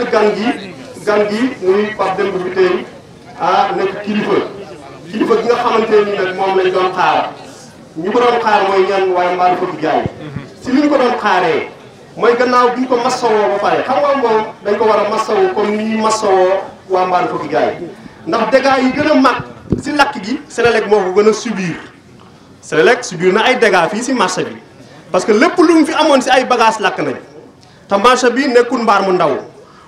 sant gan gi gan gi muy Pape Demba bi tey ah nekk kilifa kilifa gi nga xamante ni nag moom lañ doon xaar ñu ko doon xaar mooy ñan waaye mbaa dafa di jaay si li ñu ko doon xaaree mooy gannaaw bi ko masawoo ba pare xam nga moom dañ ko war a masawoo comme ni ñuy masawoo waa mbaa dafa di jaay ndax dégâts yi gën a mag si lakk gi Sénélec moo ko gën a subir Sénélec subir na ay dégâts fii si marché bi parce que lépp lu mu fi amoon si ay bagages lakk nañ te marché bi nekkul mbaar mu ndaw.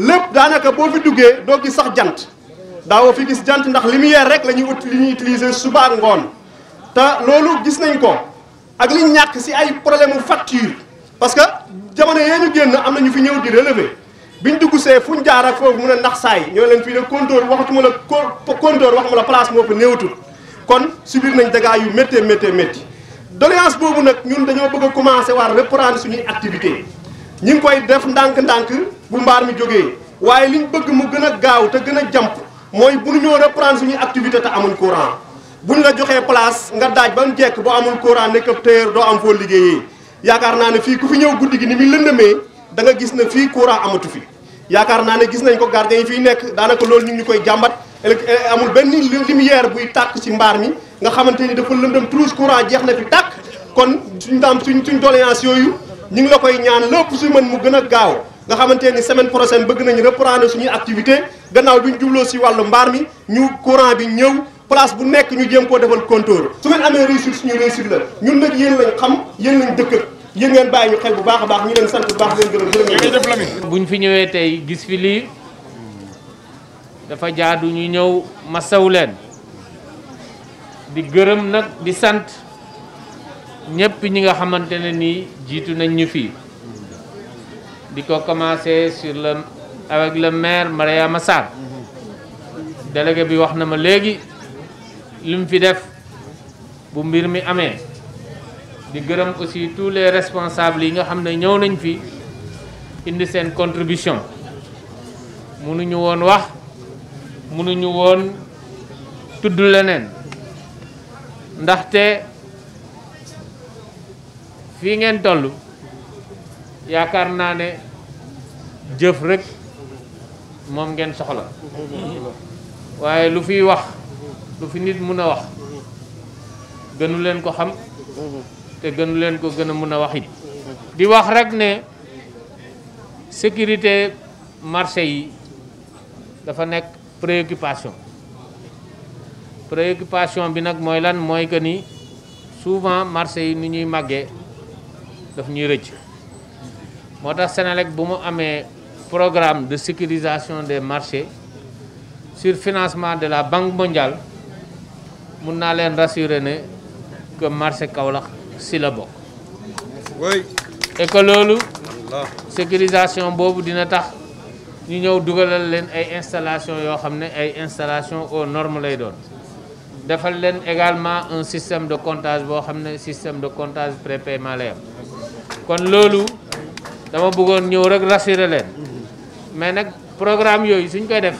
lépp daanaka boo fi duggee doo gis sax jant daawoo fi gis jant ndax lumière rek la ñuy ut li ñuy utiliser suba ak ngoon te loolu gis nañ ko ak li ñu ñàkk si ay problème mu facture parce que jamono yee ñu génn am na ñu fi ñëw di relever ñu dugg see ñu jaar ak foofu mun a nax saay ñoo leen fii de compteur waxatuma la compteur waxuma la place moo fa néewatul kon subir nañ dégâts yu méttee méttee métti doléance boobu nag ñun dañoo bëgg a commencer war reprendre suñuy activité ñi ngi koy def ndànk-ndànk bu mbaar mi jógee waaye liñ bëgg mu gën a gaaw te gën a jàmp mooy bu ñu ne reprendre suñuy activité te amuñ bu ñu la joxee place nga daaj ba mu jekk boo amul courant nekk ab téer doo am foo liggéeyee yaakaar naa ne fii ku fi ñëw guddi gi ni muy lëndëmee danga gis ne fii courant amatu fi yaakaar naa ne gis nañ ko gardien yi fiy nekk daanaka loolu ñu ngi ñu koy jàmbat eh, amul benn lumière buy tàkk ci mbaar mi nga xamante ni dafa lëndëm trouche courant jeex na fi tàkk kon suñ daam suñ suñ doléance yooyu ñu ngi la koy ñaan lépp su mën mu gën a gaaw nga xamante ni semaine prochaine bëgg nañu reprendre suñuy activité gannaaw bi ñu jubloo si wàllu mbaar mi ñu courant bi ñëw place bu nekk ñu jéem koo defal compteur su ngeen amee réussite suñu réussite la ñun nag yéen lañ xam yéen lañ dëkk yéen ngeen bàyyi ñu xel bu baax a baax ñu leen sant bu baax leen gërëm ñu fi ñëwee tey gis fi lii dafa jaadu ñu ñëw masaw leen di gërëm nag di sant ñepp ñi nga xamantene ni jitu nañ ñu fi di ko commencé sur le avec le maire Maria Massar délégué bi wax na ma légui lim fi def bu mbir mi amé di gërëm aussi tous les responsables yi nga xamné ñëw nañ fi indi sen contribution ñu won wax mënuñu woon ndaxte fi ngeen tollu yaakaar naa ne jëf rek moom ngeen soxla waaye lu fi wax lu fi nit mun a wax gënu leen ko xam te gënu leen ko gën a mun a wax it di wax rek ne sécurité marché yi dafa nekk préoccupation préoccupation bi nag mooy lan mooy que ni souvent marché yi ni ñuy màggee daf ñuy un programme de sécurisation des marchés sur financement de la Banque mondiale Je rassurer que que marché et que sécurisation dina tax ñu installation aux normes Nous avons également un système de comptage système de comptage kon loolu dama bëggoon ñëw rek rassurer leen mais nag programme yooyu suñ koy def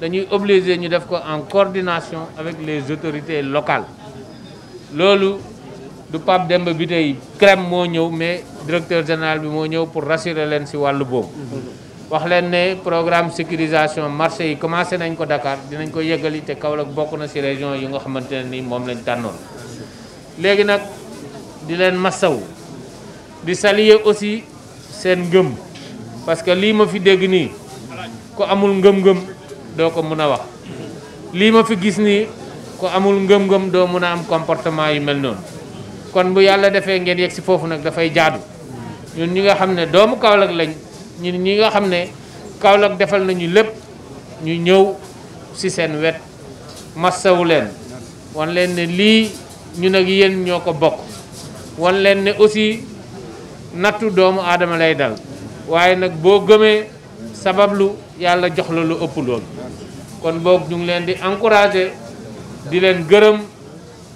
dañuy obligé ñu def ko en coordination avec les autorités locales loolu du Pape Demba bi tey crème moo ñëw mais directeur général bi moo ñëw pour rassurer leen ci wàllu boobu wax leen ne programme sécurisation marché yi commencé nañ ko Dakar dinañ ko yëggali te Kaolack bokk na ci région yi nga xamante ne ni moom lañ tànnoon léegi nag di leen massaw di saluer aussi sen ngëm parce que li ma fi dégg ni ko amul ngëm-ngëm do ko mun lima wax li ma fi gis ni ko amul ngëm-ngëm do mun am comportement yu mel non kon bu yalla defee ngeen yexi fofu nak da fay jaadu ñun ñi nga xam ne doomu kawlak lañ ñun ñi nga kawlak defal nañu lepp ñu ñëw si sen wet massawu wulen wan len ni li ñun ak yeen ñoko ko wan ne aussi nattu doomu aadama lay dal waaye nag boo gëmee sabablu yàlla jox la lu ëpp loolu kon boog ñu ngi leen di encourager di leen gërëm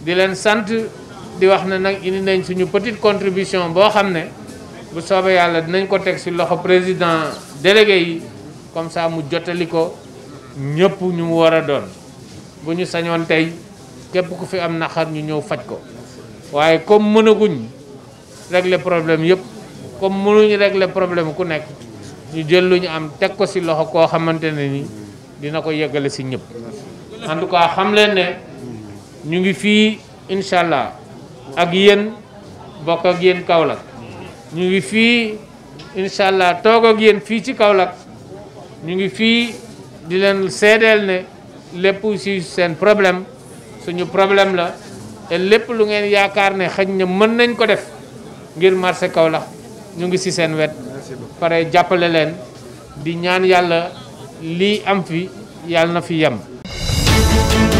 di leen sant di wax ne nag indi nañ suñu petite contribution boo xam ne bu soobee yàlla dinañ ko teg ci loxo président délégué yi comme ça mu jottali ko ñëpp ñu mu war doon bu ñu sañoon tey képp ku fi am naxar ñu ñëw faj ko waaye comme mënaguñ régler problème yépp comme ñu régler problème ku nekk ñu jël lu ñu am tek ko ci loxo ko xamante ni dina ko yeggale ci ñëpp en tout cas xam leen ne ñu ngi fii inshallah ak yéen bokk ak yéen Kaolack ñu ngi fii inshallah ak yéen fii ci Kaolack ñu ngi fii di leen seedeel ne lépp si seen problème suñu problème la te lépp lu ngeen yaakaar ne xëj na mën nañ ko def ngir marché Kaolack ñu ngi ci seen wet pare jàppale leen di ñaan yàlla lii am fi yàlla na fi yem